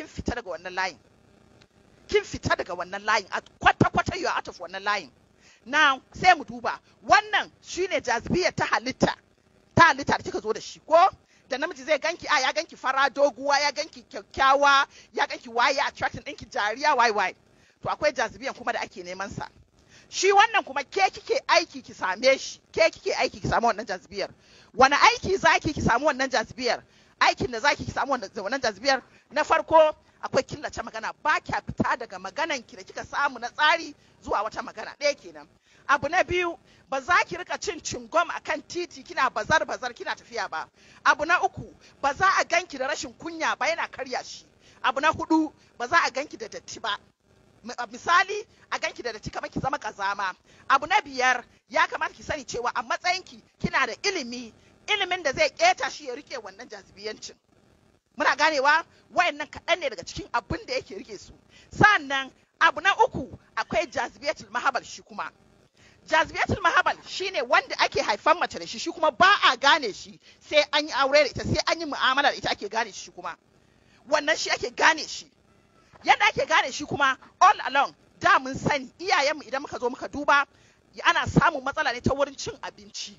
kin fita daga wannan layin kin fita daga wannan layin a kwata-kwata yau out of wannan layin Na sai mu duba wannan shine jazbiyar ta halitta ta halitta da kika zo da shi ko da namiji zai ganki a ya ganki fara doguwa ya ganki kyakkyawa ya ganki waye attracting ɗinki jariya why why to akwai jazibiyan kuma da ake neman sa shi wannan kuma ke kike aiki ki same shi ke kike aiki ki samu wannan jazibiyar wani aiki zaki ki samu wannan jazibiyar aikin da zaki ki samu wannan jazibiyar na farko akwai killace magana ba kya fita daga maganan ki da kika samu na tsari zuwa wata magana ɗaya kenan abu na biyu ba za ki rika cin cingom a kan titi kina bazar bazar kina tafiya ba abu na uku ba za a ganki da rashin kunya ba yana karya shi abu na hudu ba za a ganki da datti ba misali a ganki da datti kamar ki zama kazama abu na biyar ya kamata ki sani cewa a matsayinki kina da ilimi ilimin da zai keta shi ya rike wannan jazibiyancin muna ganewa wayannan kaɗan ne daga cikin abin da yake rike su sannan abu na uku akwai jazibiyatul mahabal shi kuma jazibiyatul mahabal shine wanda ake haifan mace da shi shi kuma ba a gane shi sai an yi aure da ita sai an yi mu'amala da ita ake gane shi kuma wannan shi ake gane shi yadda ake gane shi kuma all along da mun sani iyayenmu idan muka zo muka duba ana samun matsala ne ta wurin cin abinci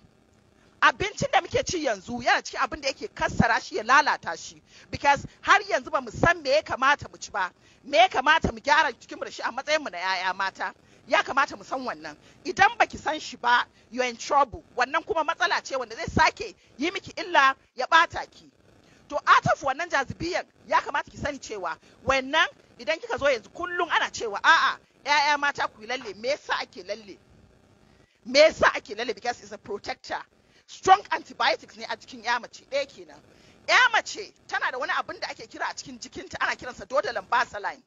abincin da muke ci yanzu yana cikin abin da yake kassara shi ya lalata shi because har yanzu ba mu san me ya kamata mu ci ba me ya kamata mu gyara cikin mu da shi a matsayin mu na yaya mata ya kamata mu san wannan idan baki san shi ba you in trouble wannan kuma matsala ce wanda zai sake yi miki illa ya bata ki to of wannan jazibiyan ya kamata ki sani cewa wannan idan kika zo yanzu kullum ana cewa a'a yaya mata ku lalle me yasa ake lalle me yasa ake lalle because is a protector strong antibiotics ne a jikin ya mace ɗaya kenan ya mace tana da wani abin da ake kira a cikin jikinta ana kiransa dodalan basaline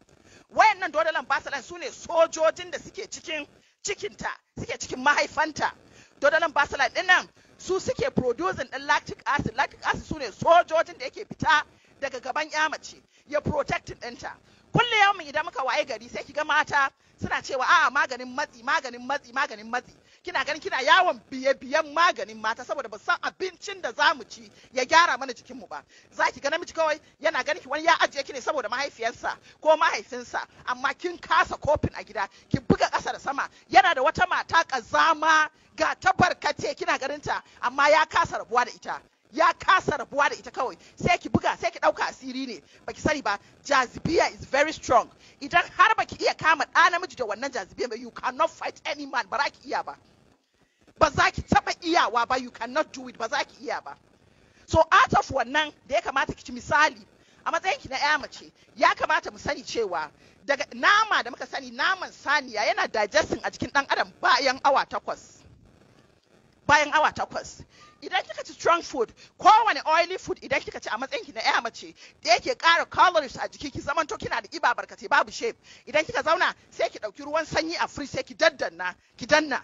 wayannan dodalan basaline su ne sojojin da suke cikin cikinta suke cikin mahaifanta dodalan basaline ɗin nan su suke producing ɗin lactic acid lactic acid su ne sojojin da yake fita daga gaban ya mace ya protecting ɗinta kullum yawon idan muka waye gari sai ki ga mata suna cewa a ah, maganin matsi maganin matsi maganin matsi kina ganin kina yawon biye biyan maganin mata saboda ba san abincin da za mu ci ya gyara mana jikin mu ba za ki ga namiji kawai yana ganin ki wani ya ajiye ki ne saboda mahaifiyarsa ko mahaifinsa amma kin kasa kofin a gida ki buga ƙasa da sama yana da wata mata kazama ga tabarkace kina ganin ta amma ya kasa rabuwa da ita ya kasa rabuwa da ita kawai sai ki buga sai ki dauka asiri ne baki sani ba jazibiya is very strong idan har baki iya kama ɗa namiji da wannan jazibiya ba you cannot fight any man ba za ki iya ba ba za ki taba iyawa ba you cannot do it ba za ki iya ba so out of wannan da ya kamata ki ci misali a matsayin ki na ya mace ya kamata mu sani cewa daga nama da muka sani naman saniya yana digesting a cikin dan adam bayan awa takwas bayan awa takwas idan kika ci strong food kowane oily food idan kika ci a matsayin ki na ƴa mace da yake ƙara calories a jiki ki to kina da iba barkatai babu shape idan kika zauna sai ki ɗauki ruwan sanyi a fridge sai ki daddanna ki danna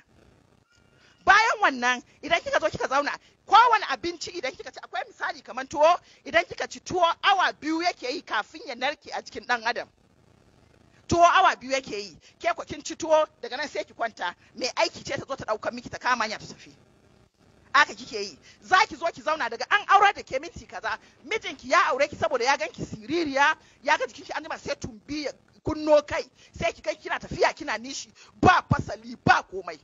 bayan wannan idan kika zo kika zauna kowane abinci idan kika ci akwai misali kamar tuwo idan kika ci tuwo awa biyu yake yi kafin ya narke a jikin ɗan adam tuwo awa biyu yake yi ke kin ci tuwo daga nan sai ki kwanta mai aiki ce ta zo ta ɗauka miki ta kama ta tafi aka kike yi za ki zo ki zauna daga an aura da ke minti kaza mijinki ya aure ki saboda ya ganki siririya ya ga jikinki an sai tumbi kunno kai sai ki kai kina tafiya kina nishi ba fasali ba komai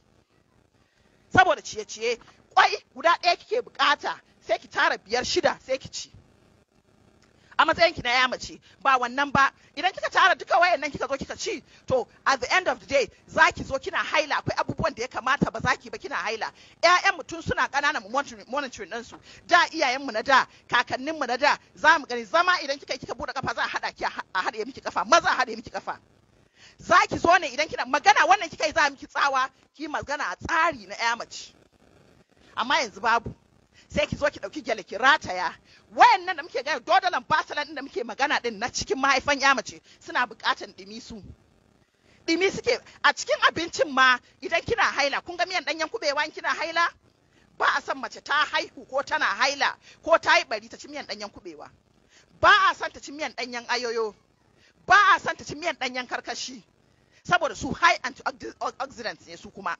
saboda ciye-ciye kwai guda ɗaya kike bukata sai ki tara biyar shida sai ki ci a matsayin ki na ya mace ba wannan ba idan kika tara duka wayan nan kika zo kika ci to at the end of the day zaki zo kina haila akwai abubuwan da ya kamata ba zaki ba kina haila ƴaƴan tun suna ƙananan monitoring ɗin su da iyayen mu na da kakannin mu na da za mu gani zama idan kika kika bude kafa za a hada ki a hada miki kafa maza a hada miki kafa za zo ne idan kina magana wannan kika yi za miki tsawa ki magana a tsari na ƴa mace amma yanzu babu sai ki zo ki dauki gyale ki rataya wayannan da muke gani basala basalan da muke magana din na cikin mahaifan ya mace suna bukatan dimi su dimi suke a cikin abincin ma idan kina haila kun ga miyan danyen kubewa kina haila ba a san mace ta haihu ko tana haila ko ta yi bari ta ci miyan danyen kubewa ba a san ta ci miyan danyen ayoyo ba a san ta ci miyan danyen karkashi saboda su high antioxidants ne su kuma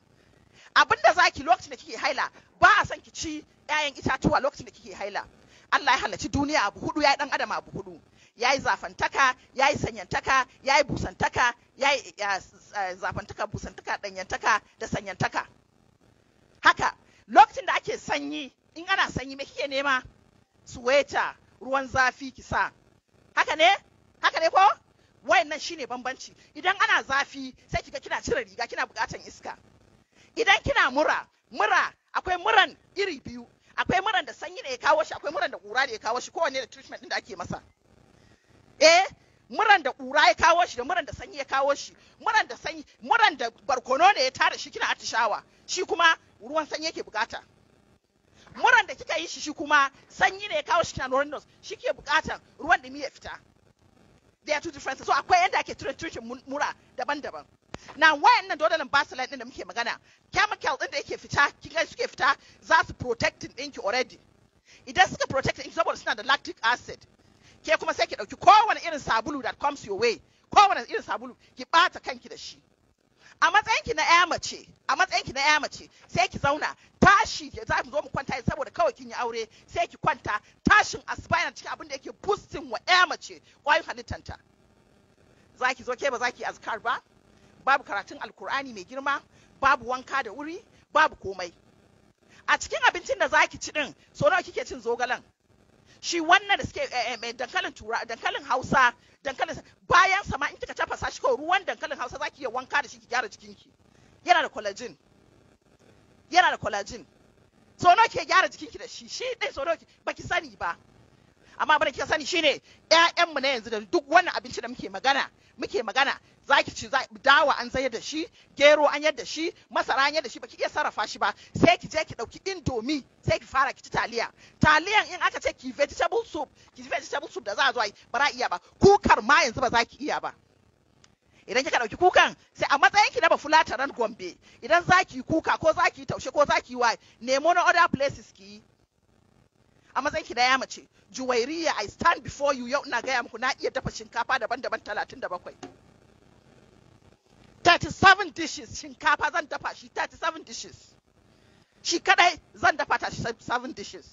abin da zaki lokacin da kike haila ba a son ki ci 'ya'yan itatuwa lokacin da kike haila Allah ya halarci duniya abu hudu ya yi dan adam abu hudu ya yi zafantaka ya yi sanyantaka ya yi busantaka ya yi zafantaka busantaka danyantaka da sanyantaka haka lokacin da ake sanyi in ana sanyi me kike nema suweta ruwan zafi ki sa haka ne haka ne ko wayannan shine bambanci idan ana zafi sai kiga kina cire riga kina bukatan iska idan kina mura mura akwai muran iri biyu akwai muran da sanyi da ya kawo shi akwai muran da ƙura da ya kawo shi kowanne da treatment din da ake masa eh muran da ƙura ya kawo shi da muran da sanyi ya kawo shi muran da sanyi muran da barkono ne ya tara shi kina atishawa shi kuma ruwan sanyi yake bukata muran da kika yi shi shi kuma sanyi ne ya kawo shi kina norinos shi ke bukatan ruwan dumi ya fita there are two differences so akwai yadda ake treatment mura daban-daban na wayan nan dole baseline din da muke magana chemical din da yake fita kika suke fita za su protecting ɗinki already idan suka protect ɗinki saboda suna da lactic acid ke kuma sai ki ɗauki kowane irin sabulu that comes your way kowane irin sabulu ki ɓata kanki da shi a matsayinki na ƴa mace a matsayinki na ƴa mace sai ki zauna tashi za mu zo mu kwanta saboda kawai kin yi aure sai ki kwanta tashin asuba yana cikin abin da yake boosting wa ƴa mace ƙwayoyin halittanta za ki zo ke ba za ki azkar ba babu karatun alkur'ani mai girma babu wanka da wuri babu komai a cikin abincin da zaki ci din so nawa kike cin zogalen shi wannan da suke eh, eh, dankalin tura dankalin hausa dankalin bayan sama in kika tafasa shi ko ruwan dankalin hausa zaki iya wanka da shi ki gyara jikinki yana da collagen yana da collagen so nawa kike gyara jikinki da shi shi din so nawa baki sani ba amma abin da kika sani shine mu na yanzu da duk wannan abinci da muke magana muke magana zaki ci dawa an zayar da shi gero an yadda shi masara an yadda shi baki iya sarrafa shi ba sai ki je ki dauki indomi sai ki fara ki ci taliya taliyan in aka ce ki vegetable soup ki vegetable soup da za a zo yi ba za iya ba kukar ma yanzu ba za ki iya ba idan kika dauki kukan sai a matsayin ki na ba fulataran gombe idan zaki kuka ko zaki taushe ko zaki wa nemo na other places ki a matsayin ki na ya mace juwairiya i stand before you yau ina gaya muku na iya dafa shinkafa daban-daban 37 37 dishes shinkafa zan dafa shi 37 dishes shi kadai zan dafa ta 7 dishes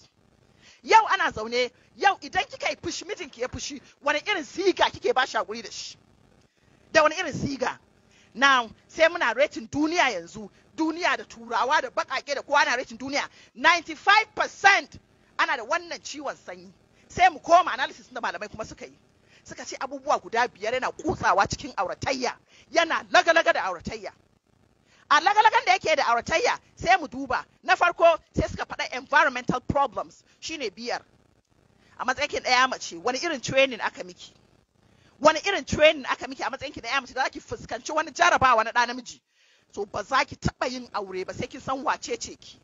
yau ana zaune yau idan kika yi fushi mijinki ya fushi wani irin siga kike ba shi hakuri da shi da wani irin siga now sai muna retin duniya yanzu duniya da turawa da bakake da kowa na retin duniya 95% ana da wannan ciwon sanyi sai mu koma analysis da malamai kuma suka yi suka ce abubuwa guda biyar yana kutsawa cikin auratayya yana lagalaga da auratayya a lagalagan da yake da auratayya sai mu duba na farko sai suka faɗa environmental problems shine biyar a matsayin ɗaya mace wani irin training aka miki wani irin training aka miki a matsayin ɗaya mace da zaki fuskanci wani jarabawa na ɗa namiji to ba za ki taɓa yin aure ba sai kin san wace ce ki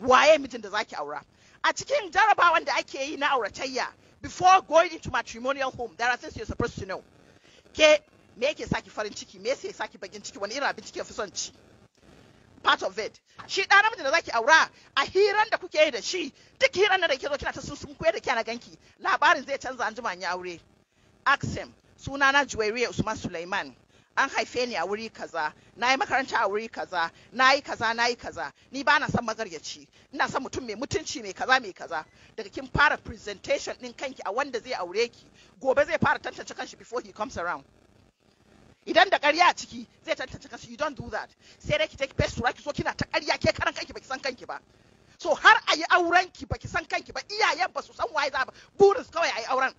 waye mijin da zaki aura a cikin jarabawan da ake yi na auratayya before going into matrimonial home there are things you're supposed to know ke me yake saki farin ciki me yake saki bakin ciki wani irin abinci ke fi son ci part of it shi ɗan namiji da zaki aura a hiran da kuke yi da shi duk hiran da ke zo kina ta sun koyar da kyana ganki labarin zai canza an ya aure ask sunana Juwairiya Usman suleiman an haife ni a wuri kaza na yi makaranta a wuri kaza na yi kaza na yi kaza ni ba na son magaryaci ina son mutum mai mutunci mai kaza mai kaza daga kin fara presentation din kanki a wanda zai aure ki gobe zai fara tantance kanshi before he comes around idan da ƙarya a ciki zai tantance kanshi you don't do that sai dai ki take face to ki so kina ta ƙarya ke karan kanki baki san kanki ba so har ayi yi auren ki baki san kanki ba iyayen ba su san waye za ba burin kawai ayi yi auren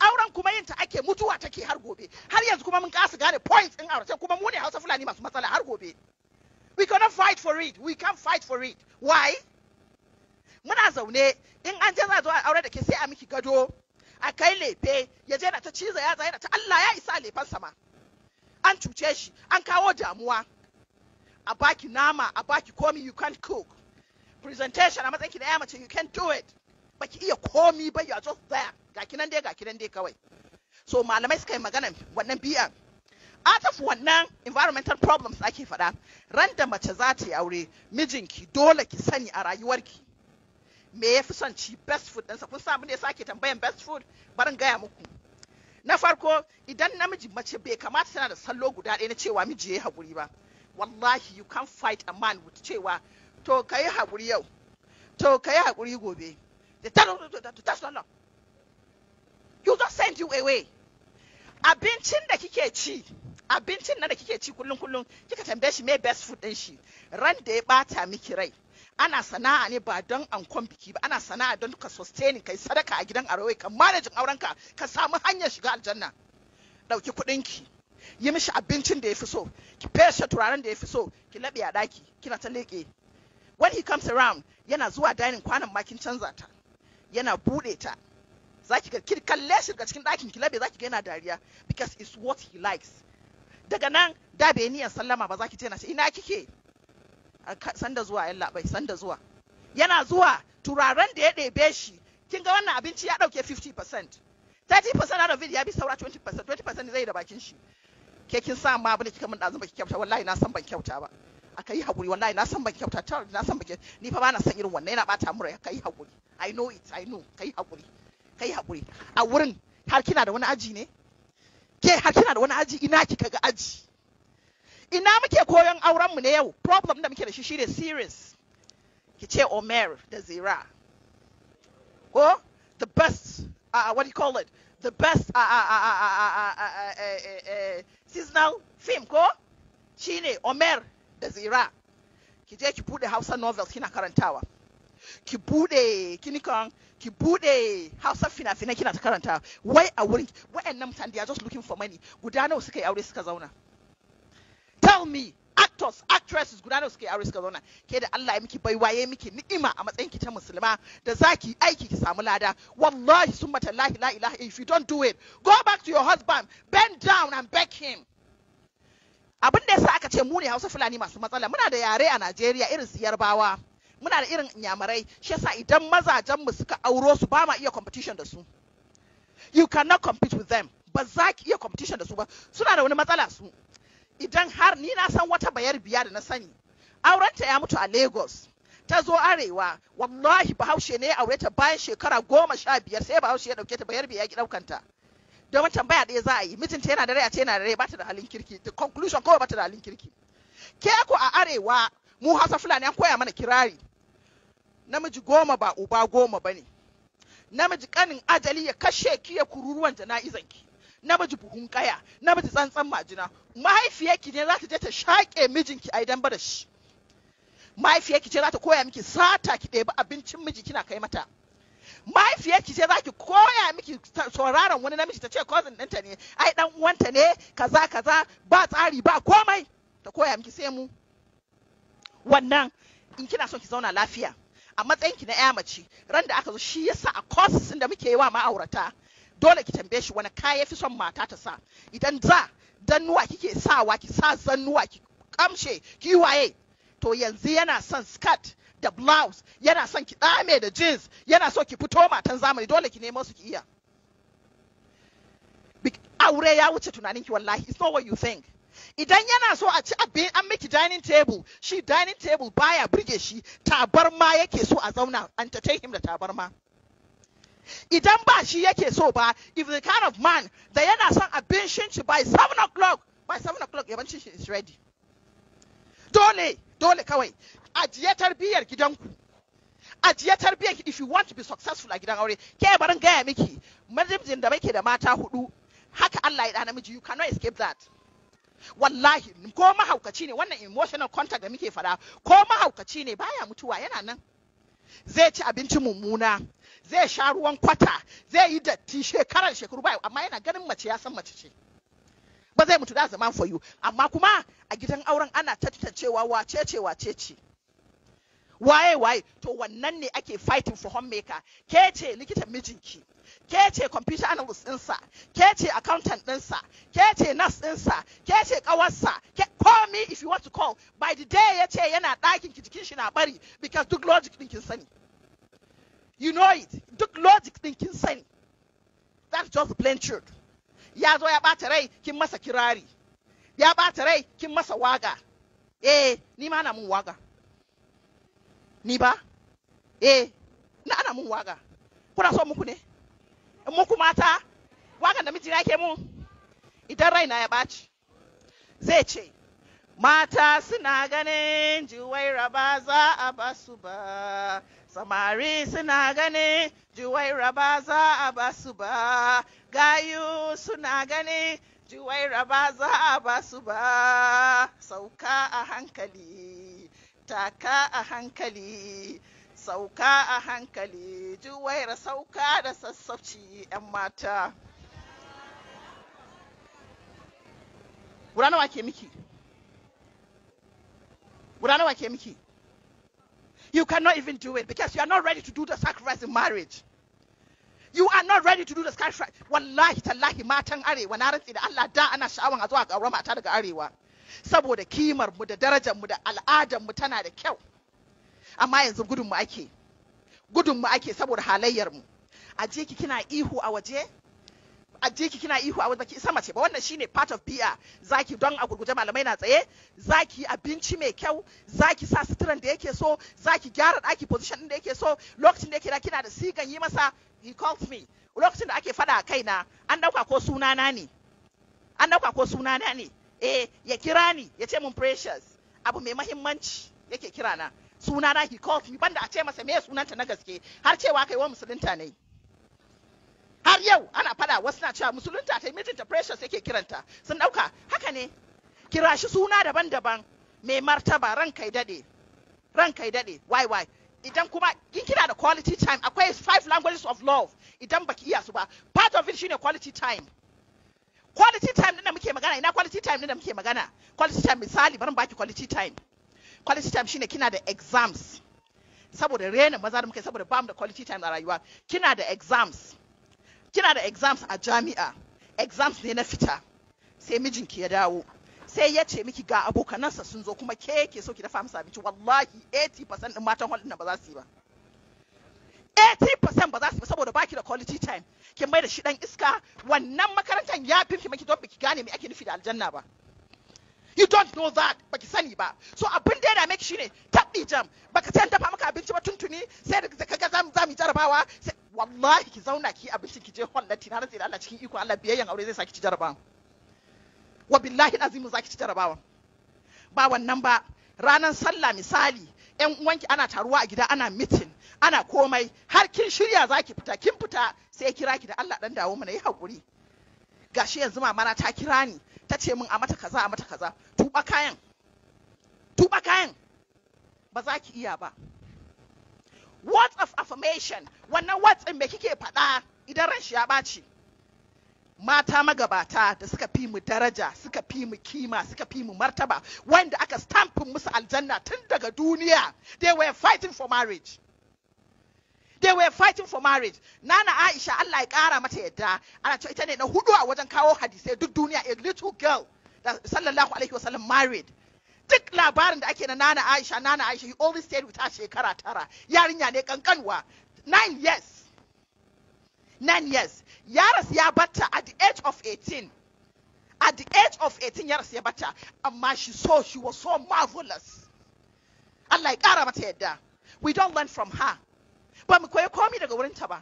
auren kuma yin ta ake mutuwa take har gobe har yanzu kuma mun kasa gane points din aure sai kuma mu ne Hausa Fulani masu matsala har gobe we cannot fight for it we can't fight for it why muna zaune in an je za zo a aure da ke sai a miki gado a kai lefe ya je na ta ciza ya tsaye na ta Allah ya isa lefen sama an cuce shi an kawo damuwa a baki nama a baki komi you can't cook presentation a matsayin ki da ya mace you can't do it baki iya komi ba ya just there ga kinan dai ga kinan dai kawai so malamai suka yi magana wannan biyan out of wannan environmental problems ake faɗa ran da mace za ta yi aure mijinki dole ki sani a rayuwarki me ya fi son ci best food ɗinsa kun samu ne sake tambayan best food barin gaya muku na farko idan namiji mace bai kamata tana da sallo guda ɗaya na cewa miji ya haƙuri ba wallahi you can't fight a man with cewa to ka yi haƙuri yau to ka yi haƙuri gobe That's not law. You just send you away. Abincin da kike ci, abincin nan da kike ci kullum kullum kika tambaye shi mai best food din shi. Ran da ya bata miki rai. Ana sana'a ne ba don ankon biki ba, ana sana'a don ka sustain kai sadaka a gidan arewa ka manajin aurenka ka samu hanyar shiga aljanna. Dauki kuɗin ki. yi mishi abincin da ya fi so ki feshe turaren da ya fi so ki laɓe a ɗaki kina ta leƙe when he comes around yana zuwa dining kwanan makin kin canza ta yana bude ta zaki ga ki kalle shi daga cikin ɗakin ki labe zaki ga yana dariya because it's what he likes daga nan da bai niyan sallama ba zaki ce na ina kike sanda zuwa yan labai sanda zuwa yana zuwa turaren da ya ɗebe shi kin ga wannan abinci ya ɗauke 50% 30% out of it ya bi saura 20% 20% zai da bakin shi ke kin sa ma abin da kika min ɗazu baki ki kyauta wallahi na san ban kyauta ba aka yi haƙuri wallahi na san baki kyauta ta na san baki ni fa bana san irin wannan yana bata mura ka yi i know it i know ka yi haƙuri ka yi haƙuri a wurin har kina da wani aji ne ke har kina da wani aji ina kika ga aji ina muke koyon auren mu ne yau problem da muke da shi shine serious ki Omer da Zira ko the best uh, what do you call it the best uh, uh, uh, uh, uh, uh, uh, uh, seasonal film ko shine Omer da ki je ki bude hausa novels kina karantawa ki bude kinikan ki bude hausa fina-finai kina ta karantawa wai a wurin wa'annan mutane they are just looking for money guda nawa suka yi aure suka zauna tell me actors actresses guda nawa suka yi aure suka zauna ke da Allah ya miki baiwa ya miki ni'ima a matsayin ki ta musulma da zaki aiki ki samu lada wallahi summa tallahi la ilaha if you don't do it go back to your husband bend down and beg him abin da yasa aka ce mu ne hausa fulani masu matsala muna da yare a najeriya irin su yarbawa muna da irin inyamurai shi yasa idan mazajen mu suka auro su ba ma iya competition da su you cannot compete with them ba za ki iya competition da su ba suna da wani matsala su idan har ni na san wata bayar biya da na sani aurenta ya mutu a lagos ta zo arewa wallahi bahaushe ne ya aure ta bayan shekara goma sha biyar sai bahaushe ya dauke ta bayar biya ya ɗaukanta domin tambaya ɗaya za a yi mijinta yana da rai a ce yana da rai bata da halin kirki the conclusion kawai bata da halin kirki ke ku a arewa mu hausa fulani an koya mana kirari namiji goma ba uba goma bane namiji kanin ajali ya kashe ki ya kururuwan jana'izan ki namiji buhun kaya namiji tsantsan majina mahaifiyarki ne za ta je ta shaƙe mijinki a idan ba da shi mahaifiyarki ce za ta koya miki sata ki ɗebi abincin miji kina kai mata mahaifiyarki ce za ki koya miki sauraron wani namiji ta ce cousin ɗinta ne ai dan uwanta ne kaza kaza ba tsari ba komai ta koya miki sai mu wannan in kina son ki zauna lafiya a matsayin ki na ya mace ran da aka zo shi yasa a courses da muke yi wa ma'aurata dole ki tambaye shi wani kaya fi son mata ta sa idan za zannuwa kike sawa ki sa zannuwa ki kamshe ki waye to yanzu yana son skirt da blouse yana son ki dame da jeans yana so ki fito matan zamani dole ki nemo su ki iya aure ya wuce tunanin ki wallahi it's not what you think idan yana so a ci abin an miki dining table shi dining table baya burge shi tabarma yake so a zauna entertain him da tabarma idan ba shi yake so ba if the kind of man da yana son abincin shi by 7 o'clock by 7 o'clock yabancin shi is ready dole dole kawai ajiye tarbiyyar gidanku ajiye tarbiyyar if you want to be successful a gidan aure ke barin gaya miki mijin da muke da mata hudu haka Allah ya da namiji you cannot escape that wallahi ko mahaukaci ne wannan emotional contact da muke fada ko mahaukaci ne baya mutuwa yana nan zai ci abinci mummuna zai sha ruwan kwata zai yi datti shekarar shekaru ba amma yana ganin mace ya san mace ce ba zai mutu da zaman for you amma kuma a gidan auren ana tattacewa wace ce wace ce waye waye to wannan ne ake fighting for homemaker ke ce likitan mijinki ke ce computer analyst ɗinsa ke ce accountant ɗinsa ke ce nurse ɗinsa ke ce ƙawarsa call me if you want to call by the day ya ce yana ɗakin ki jikin shi na bari because duk logic ɗin kin sani you know it duk logic ɗin kin sani that's just plain truth ya zo ya ɓata rai kin masa kirari ya ɓata rai kin masa waga eh ni ma na mun waga ni ba eh na ana mun waga kuna so muku ne muku mata wagan da mijina ke mun idan raina ya ɓaci zai ce mata suna ganin juwai raba za a basu ba samari suna ganin juwai raba za a basu ba gayu suna ganin juwai raba za a basu ba sauka a hankali taka a hankali sauka a hankali juwaira sauka da sassauci 'yan mata guda I ke miki can't ke miki you cannot even do it because you are not ready to do the sacrifice in marriage you are not ready to do the sacrifice wallahi tallahi matan arewa na rantsi da Allah da ana sha'awan a zuwa ga mata daga arewa saboda kimar mu da darajar mu da al'adar mu tana da kyau amma yanzu gudun mu ake gudun mu ake saboda halayyar mu aje ki kina ihu a waje aje ki kina ihu a waje baki isa mace ba wannan shine part of PR zaki don a gurguje malamai na tsaye zaki abinci mai kyau zaki sa suturan da yake so zaki gyara daki position din da yake so lokacin da yake da kina da sigan yi masa he calls me lokacin da ake fada a kaina an dauka ko sunana ne an dauka ko sunana ne eh ya kira ni ya ce mun precious abu mai mahimmanci yake kira na suna na he called me banda a ce masa me sunanta na gaske har cewa kai wa musulunta ne har yau ana fada wasu na cewa musulunta ta mijinta precious yake kiranta sun dauka haka ne kira shi suna daban-daban mai martaba ran kai dade ran kai dade why why idan kuma in kina da quality time akwai five languages of love idan baki iya su ba part of it shine quality time quality time din da muke magana ina quality time din da muke magana quality time misali bari baki quality time quality time shine kina da exams saboda rena maza da muke saboda bamu da quality time a rayuwa kina da exams kina da exams a jami'a exams ne na fita sai mijinki ya dawo sai ya ce miki ga abokanansa sun zo kuma ke ke so ki dafa musu abinci wallahi 80% din matan hall din ba za su yi ba 80% ba za su saboda baki da quality time kin mai da shi dan iska wannan makarantar ya fi miki don ki gane me ake nufi da aljanna ba you don't know that baki sani ba so abin da ya dame ki shine tabbi jam baka san dafa maka abinci ba tuntuni sai da kaga zamu zamu jarabawa wallahi ki zauna ki abinci ki je hall na tinar sai Allah cikin iko Allah biyayyan aure zai saki ci jarabawa wa billahi azimu zaki ci jarabawa ba wannan ba ranan sallah misali yan uwanki ana taruwa a gida ana mitin ana komai har kin shirya za ki fita kin fita sai kira ki da Allah dan dawo na yi hakuri gashi yanzu mamana ta kira ni ta ce min a mata kaza a mata kaza tuba kayan tuba kayan ba za ki iya ba words of affirmation wannan words din me kike faɗa idan ran shi ya ɓaci mata magabata da suka fi mu daraja suka fi mu kima suka fi mu martaba wanda aka stampin musu aljanna tun daga duniya they were fighting for marriage they were fighting for marriage nana aisha Allah ya kara mata yadda ana cewa ita ne na hudu a wajen kawo hadisai duk duniya a little girl that sallallahu alaihi wasallam married duk labarin da ake na nana aisha nana aisha he always stayed with her shekara tara yarinya ne kankanwa nine years nine years yaras ya at the age of 18 at the age of 18 yaras Yabata, bata amma she saw she was so marvelous Allah ya kara we don't learn from her But mu call me the wurin ta ba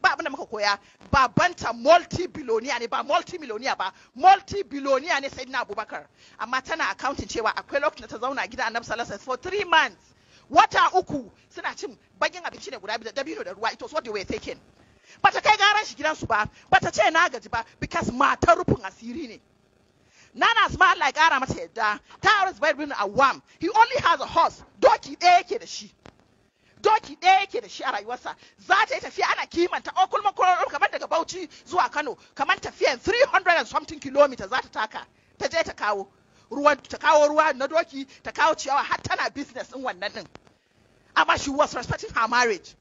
ba abin da babanta multi billionaire ne ba multi millionaire ba multi billionaire ne sayyidina abubakar amma tana accounting cewa akwai lokacin da ta zauna a gidan annabi for three months are uku Sinachim cin bagin abinci ne guda biyu da dabino da it was what they were taking bata kai garan shi gidansu ba bata ce na gaji ba because matar rufin asiri ne Nana suma Allah ya kara mata yadda ta aure Zubair bin Awam he only has a horse doki ɗaya yake da shi doki ɗaya yake da shi a rayuwarsa za ta yi tafiya ana kimanta o kulma kamar daga Bauchi zuwa Kano kamar tafiyan 300 and something kilometers za ta taka ta je ta kawo ruwan ta kawo ruwa na doki ta kawo ciyawa har tana business din wannan din amma she was respecting her marriage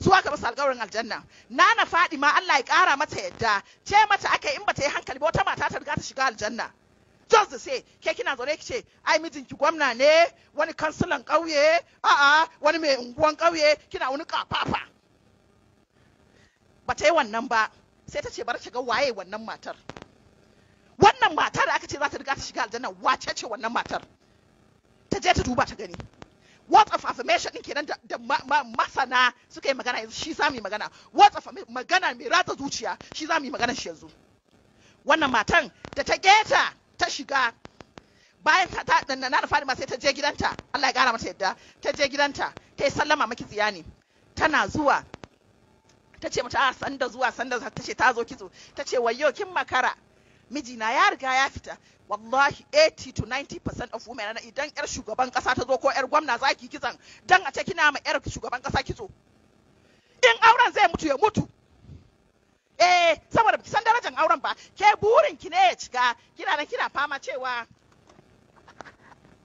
su aka musu alƙawarin aljanna nana ma Allah ya ƙara mata yadda ce mata aka in bata yi hankali ba wata mata ta riga ta shiga aljanna just the say ke kina zaune ki ce ai mijinki gwamna ne wani kansilan ƙauye a'a wani mai unguwan ƙauye kina wani kafafa ba ta yi wannan ba sai ta ce bar shiga waye wannan matar wannan matar da aka ce za ta riga ta shiga aljanna wace ce wannan matar ta je ta duba ta gani words of affirmation ɗin kenan da masana suka yi magana yanzu shi za mu yi magana words of magana mai ratsa zuciya shi za mu yi magana shi yanzu wannan matan da ta keta ta shiga bayan ta ta na na ma sai ta je gidanta Allah ya kara mata yadda ta je gidanta ta yi sallama maki tsiyani tana zuwa ta ce mata ah, sanda zuwa sanda ta ce ta zo kitso ta ce wayyo kin makara mijina ya riga ya fita wallahi 80 to 90 percent of women na idan yar shugaban kasa ta zo ko yar gwamna za ki kitsan dan a ce kina ma yar shugaban kasa kitso in auren zai mutu ya mutu eh saboda san darajar auren ba ke burin ki ne ya cika kina nan kina fama cewa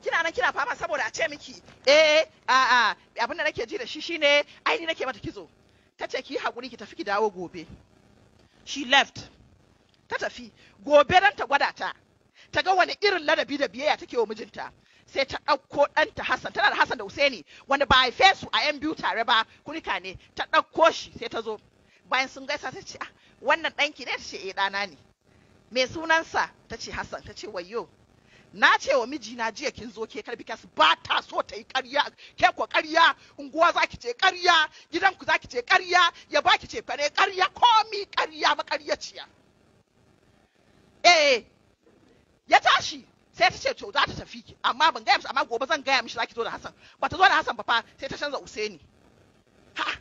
kina nan kina fama saboda a ce miki eh a a abin da nake ji da shi shine ai ni nake mata kitso ce ki hakuri ki tafi ki dawo gobe she left ta tafi gobe dan ta gwada ta ta ga wani irin ladabi da biyayya take wa mijinta sai ta ɗauko ɗanta Hassan tana da Hassan da Husaini wanda ba haife su a yan biyu tare ba kurika ne ta ɗauko shi sai ta zo bayan sun gaisa ta ce ah wannan ɗanki ne ta ce eh ɗana ne mai sunansa ta ce Hassan ta ce wayyo na ce wa mijina jiya kin zo ke karbi kasu ba ta so ta yi karya ke ko karya unguwa za ki ce karya gidanku za ki ce karya ya ba ki ce fare karya komi karya makaryaciya eh ya tashi sai ta ce to za ta tafi amma ban gaya mishi amma gobe zan gaya mishi zaki zo da Hassan ba ta zo da Hassan ba fa sai ta canza Usaini ha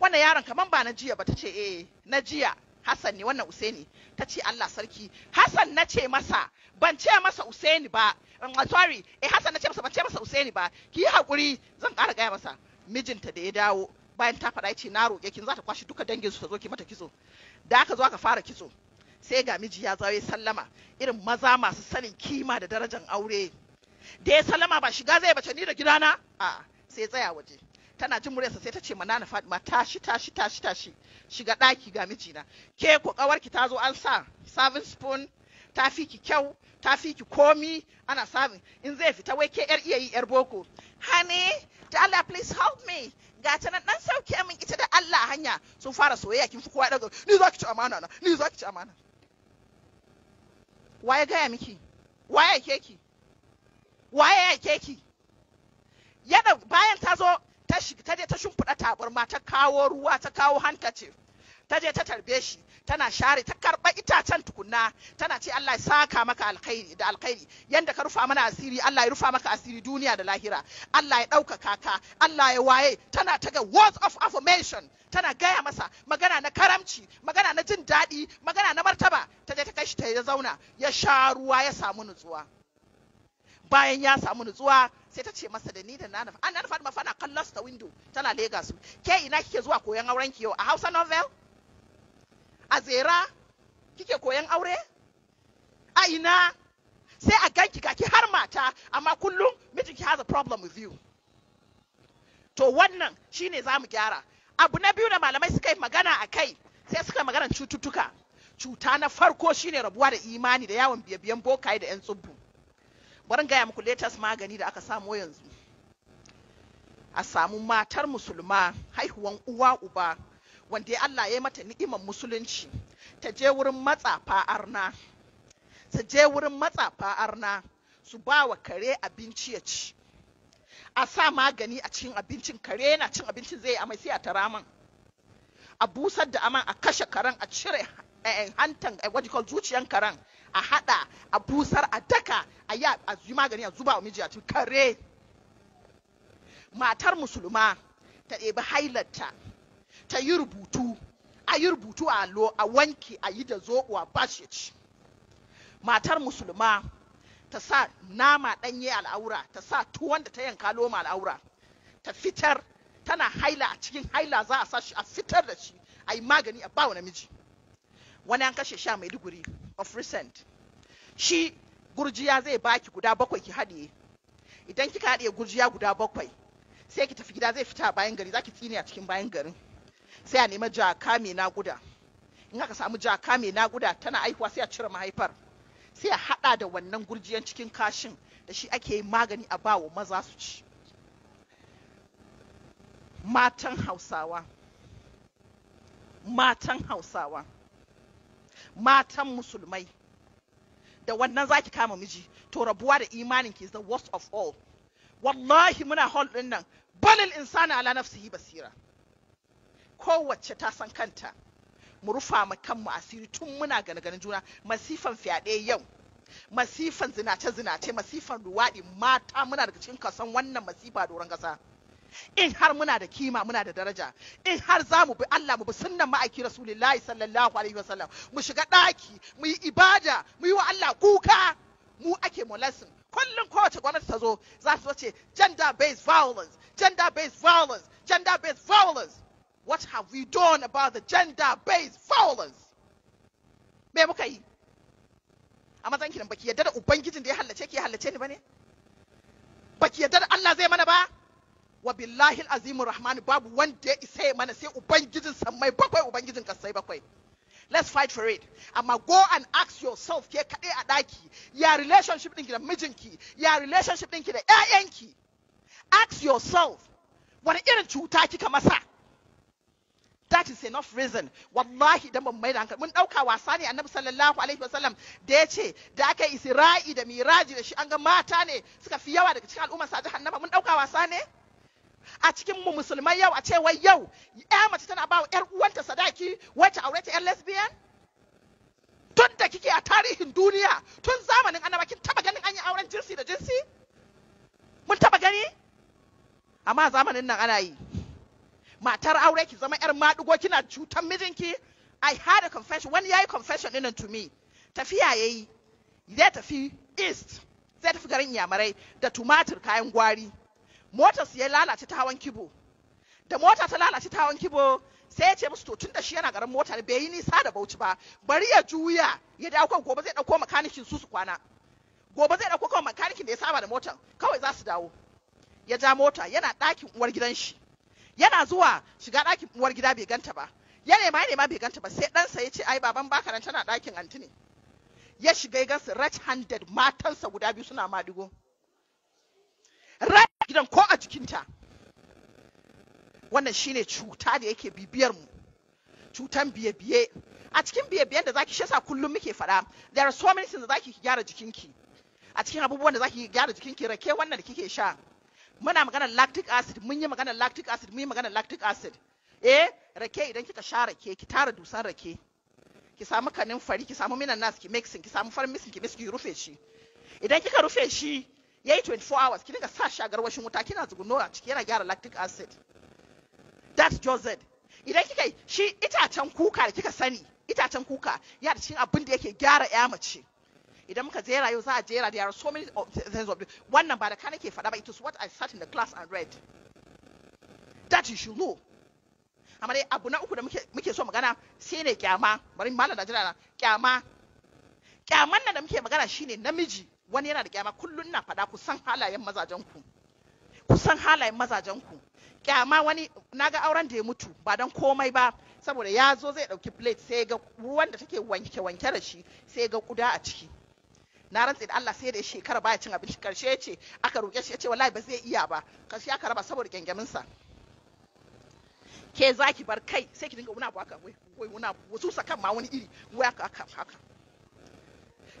wannan yaron kaman ba na jiya ba ta ce eh na jiya Hassan ne wannan Usaini ta ce Allah sarki Hassan na ce masa ban ce masa Usaini ba um, sorry eh Hassan na ce masa ban ce masa Usaini ba ki yi hakuri zan ƙara gaya masa mijinta da ya dawo bayan ta faɗa ya ce na roƙe kin za ta kwashi duka dangin su ta zo ki mata kitso da aka zo aka fara kitso sai ga miji ya zawo sallama irin maza masu sanin kima da darajar aure da ya sallama ba shiga zai bace ni da gidana a sai tsaya waje tana jin muryarsa sai ta ce manana Fatima tashi tashi tashi tashi shiga daki ga mijina ke ko kawarki ta zo an sa serving spoon ta fi ki kyau ta fi ki komi ana sabin in zai fita wai ke yar iyayi yar boko honey da Allah please help me ga ta nan dan sauke min ita da Allah hanya sun fara soyayya kin fi kowa daga ni zaki ci amana na ni zaki ci amana waye gaya miki waye ke ki waye ke ki yana bayan ta zo ta je ta shimfiɗa tabarma ta kawo ruwa ta kawo handkerchief ta je ta tarbe shi tana share ta karba itacen tukunna tana ce Allah ya saka maka alkhairi da alkhairi yanda ka rufa mana asiri Allah ya rufa maka asiri duniya da lahira Allah ya dauka kaka Allah ya waye tana ta ga words of affirmation tana gaya masa magana na karamci magana na jin daɗi magana na martaba shi ta ya zauna ya sha ruwa ya samu nutsuwa bayan ya samu nutsuwa sai ta ce masa da ni da nana an nana fa fana kallon ta window tana legas ke ina kike zuwa koyan auren ki yau a Hausa novel a zera kike koyan aure a ina sai a ganki ga ki har mata amma kullum mijinki has a problem with you to wannan shine zamu gyara abu na biyu da malamai suka yi magana a kai sai suka magana cututtuka cuta na farko shine rabuwa da imani da yawon biye-biyen bokaye da 'yan tsubbu bari gaya muku latest magani da aka samo yanzu a samu matar musulma haihuwan uwa uba wanda ya Allah ya yi mata ni'imar musulunci ta je wurin matsafa arna su je wurin matsafa arna su ba wa kare abinci ya ci a sa magani a cikin abincin kare yana cin abincin zai amai sai a tara man a busar da aman a kashe karen a cire Eh, eh, hantan eh, what you call zuciyan karan a hada a busar a daka a yi a magani a zuba wa miji a cikin kare matar musulma ta ɗebi hailarta ta yi rubutu a yi rubutu a allo a wanki a yi da zoɓuwa ci. matar musulma ta sa nama ɗanye al'aura ta sa tuwon da ta yanka loma al'aura ta fitar tana haila a cikin haila za a sa shi a fitar da shi a yi magani a ba wa namiji wani an kashe sha mai duguri of recent shi gurjiya zai baki guda bakwai ki haɗiye idan kika haɗiye gurjiya guda bakwai sai ki tafi gida zai fita a bayan gari zaki tsine a cikin bayan garin sai a nema jaka mai naguda in aka samu jaka mai naguda tana aihuwa sai a cire mahaifar sai a haɗa da wannan gurjiyan cikin kashin da shi ake yi magani a ba wa maza su ci matan hausawa matan hausawa matan musulmai da wannan zaki kama miji to rabuwa da imanin ki is the worst of all wallahi muna hall din nan balil insana ala nafsihi basira kowace ta san kanta mu rufa mu kanmu asiri tun muna gane ganin juna masifan fyaɗe yau masifan zinace-zinace masifan ruwadi mata muna daga cikin kasan wannan masifa doron ƙasa in har muna da kima muna da daraja in har za mu bi Allah mu bi sunnan ma'aiki rasulullahi sallallahu alaihi wasallam mu shiga daki mu yi ibada mu yi wa Allah kuka mu ake molassin kullum kowace gwamnati ta zo za su ce gender based violence gender based violence gender based violence what have we done about the gender based violence me muka yi a matsayin kiran baki yadda da ubangijin da ya hallace ki ya hallace ni bane baki yadda da Allah zai mana ba wa billahi azimur rahman babu wanda ya isa mana sai ubangijin sammai bakwai ubangijin kasai bakwai let's fight for it amma go and ask yourself ke kaɗai a ɗaki ya relationship ɗinki da mijinki ya relationship ɗinki da ƴaƴanki ask yourself wani irin cuta kika masa that is enough reason wallahi dan ban mai da hankali mun dauka wasa ne annabi sallallahu alaihi wasallam da ya ce da aka isra'i da miraji da shi an ga mata ne suka fi yawa daga cikin al'umma sa jahannama mun dauka wasa ne a cikin mu musulmai yau a ce wai yau ya mace tana ba yar uwanta sadaki wacce aure ta yar lesbian tun da kike a tarihin duniya tun zamanin annaba kin taba ganin an yi auren jinsi da jinsi mun taba gani amma zamanin nan ana yi matar aure ki zama yar madugo kina cutar mijinki i had a confession wani yayi confession din to me tafiya yayi zai tafi east zai tafi garin yamarai da tumatir kayan gwari motarsu ya lalace ta hawan kibo da mota ta lalace ta hawan kibo sai ya ce musu to tun da shi yana garin mota bai yi nisa da bauchi ba bari ya juya ya dawo kan gobe zai dauko makanikin su su kwana gobe zai dauko kan makanikin da ya saba da motar kawai za su dawo ya ja mota yana ɗakin uwar gidan shi yana zuwa shiga dakin uwar gida bai ganta ba ya nema nema bai ganta ba sai ɗansa ya ce ai baban baka nan tana ɗakin anti ne ya shiga ya gansu right handed matansa guda biyu suna maɗigo gidan ko a jikinta wannan shine cuta da yake bibiyar mu cutan biye-biye a cikin biye-biyen da zaki shesa kullum muke fada there are so many things da zaki gyara jikinki a cikin abubuwan da zaki gyara jikinki rake wannan da kike sha muna maganar lactic acid mun yi maganar lactic acid mun yi maganar lactic acid eh rake idan kika sha rake ki tara dusan rake ki samu kanin fari ki samu minan nas ki mixing ki samu farmisin ki mixing rufe shi idan kika rufe shi yi 24 hours ki dinga sa shi a garwashin wuta kina tsuguno a ciki yana gyara lactic acid that's just it idan kika yi shi itacen kuka da kika sani itacen kuka ya da cikin abin da yake gyara ya mace idan muka zera yau za a jera da yara so many things of wannan ba da ka nake faɗa ba it is what I sat in the class and read that you should know amma dai abu na uku da muke so magana sai ne kyama bari malam da na kyama kyaman nan da muke magana shine namiji wani yana da kyama kullun na fada kusan halayen mazajen ku ku halayen mazajen ku kyama wani na ga auren da ya mutu ba dan komai ba saboda ya zo zai dauki plate sai ga ruwan da take wanke wanke da shi sai ga kuda a ciki na rantse da Allah sai da shekara baya cin abinci karshe yace aka roke shi yace wallahi ba zai iya ba karshe aka raba saboda kyankyamin sa ke zaki bar kai sai ki dinga wuna ba haka wai wuna wasu sakan ma wani iri wai haka haka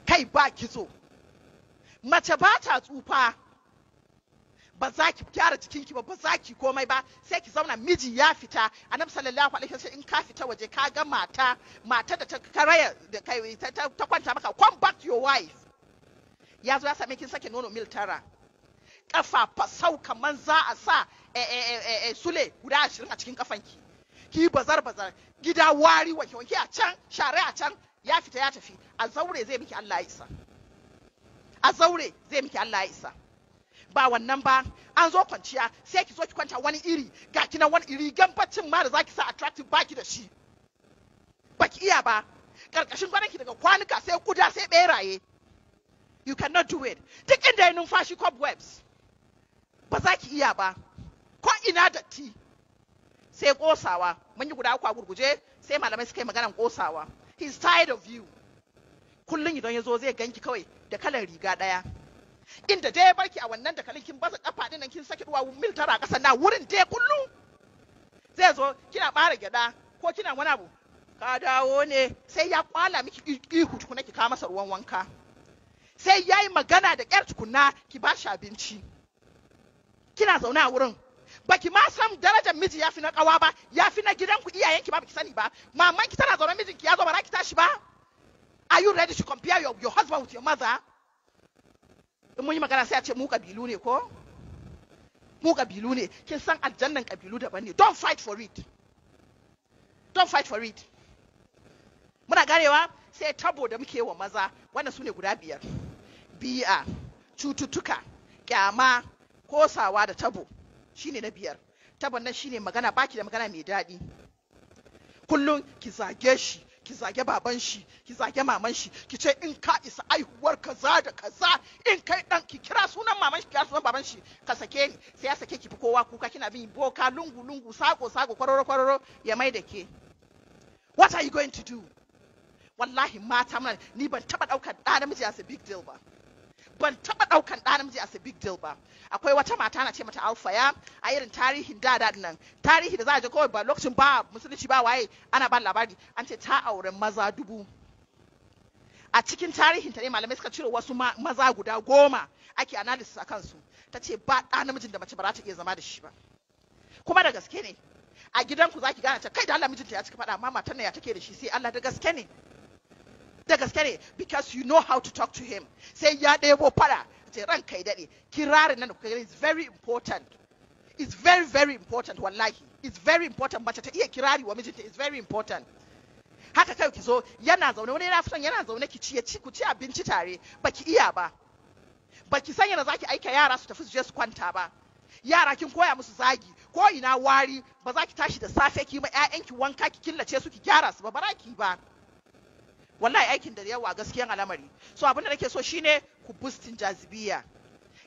kai ba ki zo. mace ba ta tsufa ba za ki gyara jikinki ba ba za ki komai ba sai ki zauna miji ya fita annabi sallallahu alaihi wasallam in ka fita waje ka ga mata mata da ta karaya da kai ta kwanta maka come back your wife ya zo ya same kin sake nono mil tara kafa fasau kaman za a sa eh, eh, eh, sule guda ashirin a cikin kafanki ki bazar bazar gida wari wanke wanke a can share a can ya fita ya tafi a zaure zai miki Allah ya isa a zaure zai miki Allah ya isa ba wannan ba an zo kwanciya sai ki zo ki kwanta wani iri ga kina wani iri gambacin ma da zaki sa attractive baki da shi baki iya ba karkashin ki daga kwanuka sai kuda sai beraye you cannot do it duk inda ya numfashi cobwebs ba za ki iya ba ko ina datti sai kosawa mun yi guda uku a gurguje sai malamai suka yi maganan kosawa he's tired of you kullum idan ya zo zai ganki kawai da kalar riga daya inda dai barki a wannan da kalin kin baza kafa din nan kin saki duwa mil tara ƙasa na wurin dai kullu zai zo kina bara gyada ko kina wani abu ka dawo ne sai ya kwala miki ihu tukuna ki ka masa ruwan wanka sai ya yi magana da ƙyar tukuna ki ba shi abinci kina zaune a wurin baki ma san darajar miji ya fi na ƙawa ba ya fi na gidanku iyayenki ba baki sani ba mamanki tana zaune mijinki ya zo ba za ki tashi ba Are you ready to compare your, your husband with your mother? In mun yi magana sai a ce mu kabilu ne ko? Mu kabilu ne, kin san aljannan kabilu daban ne. Don't fight for it. Don't fight for it. Muna ganewa sai tabo da muke wa maza, wannan su ne guda biyar. Bi'a, cututtuka, kyama, kosawa da tabo, shine na biyar. Tabon nan shine magana baki da magana mai daɗi. Kullum ki zage shi, ki zage baban shi ki zage maman shi ki ce in ka isa aihuwar kaza da kaza in kai dan ki kira sunan maman shi ki kira sunan baban shi ka sake ni sai ya sake ki fi kowa kuka kina bin boka lungu lungu sako sako kwaroro kwaroro ya mai da ke what are you going to do wallahi mata mun ni ban taba daukar da namiji as a big deal ba ban taba daukan ɗa namiji as a big deal ba akwai wata mata na ce mata alfaya a irin tarihin da da nan tarihi da za a je kawai ba lokacin ba musulunci ba waye ana ba labari an ce ta auren maza dubu a cikin tarihin ta ne malamai suka cire wasu maza guda goma ake analysis a kansu ta ce ba ɗa namijin da mace ba za ta iya zama da shi ba kuma da gaske ne a gidanku za ki gane ta kai da Allah mijinta ya cika faɗa amma matar ya take da shi sai Allah da gaske ne da gaske ne because you know how to talk to him sai ya ɗebo fada ce ranka daɗe kirarin nan da kuka gani is very important it's very very important wallahi it's very important mace ta iya kirari wa mijinta it's very important haka kai ki zo yana zaune wani yana son yana zaune ki ci ci ku ci abinci tare baki iya ba baki san yana zaki aika yara su tafi su je su kwanta ba yara kin koya musu zagi ko ina wari ba za ki tashi da safe ki ma 'ya'yanki wanka ki killace su ki gyara su ba baraki ba wallahi aikin da yawa gaskiyan al'amari so abin da nake so shine ku bustin jazibiya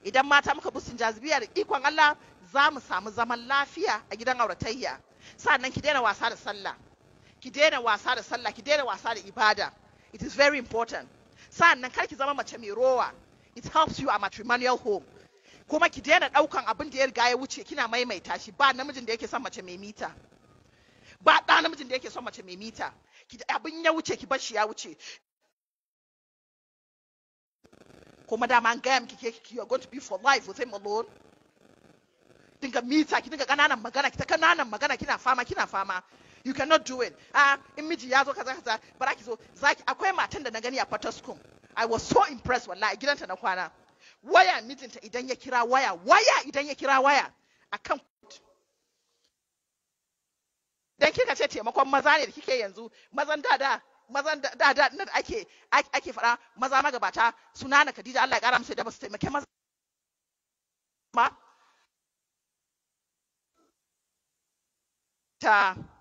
idan mata muka bustin jazibiya da ikon Allah za mu samu zaman lafiya a gidan auratayya sannan ki daina wasa da sallah ki daina wasa da sallah ki daina wasa da ibada it is very important sannan kar ki zama mace mai rowa it helps you a matrimonial home kuma ki daina daukan abin da ya riga ya wuce kina maimaita shi ba namijin da yake son mace mai mita ba ɗa namijin da yake son mace mai mita abin ya wuce ki bashi ya wuce kuma dama an gaya miki ke you are going to be for life with him alone dinga mita ki dinga kananan magana ki ta kananan magana kina fama kina fama you cannot do it ah in miji ya zo kaza kaza bara ki zo zaki akwai matan da na gani a Potoskum I was so impressed wallahi gidanta na kwana waya mijinta idan ya kira waya waya idan ya kira waya akan dan kika ce taimakon maza ne da kike yanzu mazan da da mazan da da ake ake fara maza magabata suna na Khadija Allah ya kara musu da basu taimake maza ta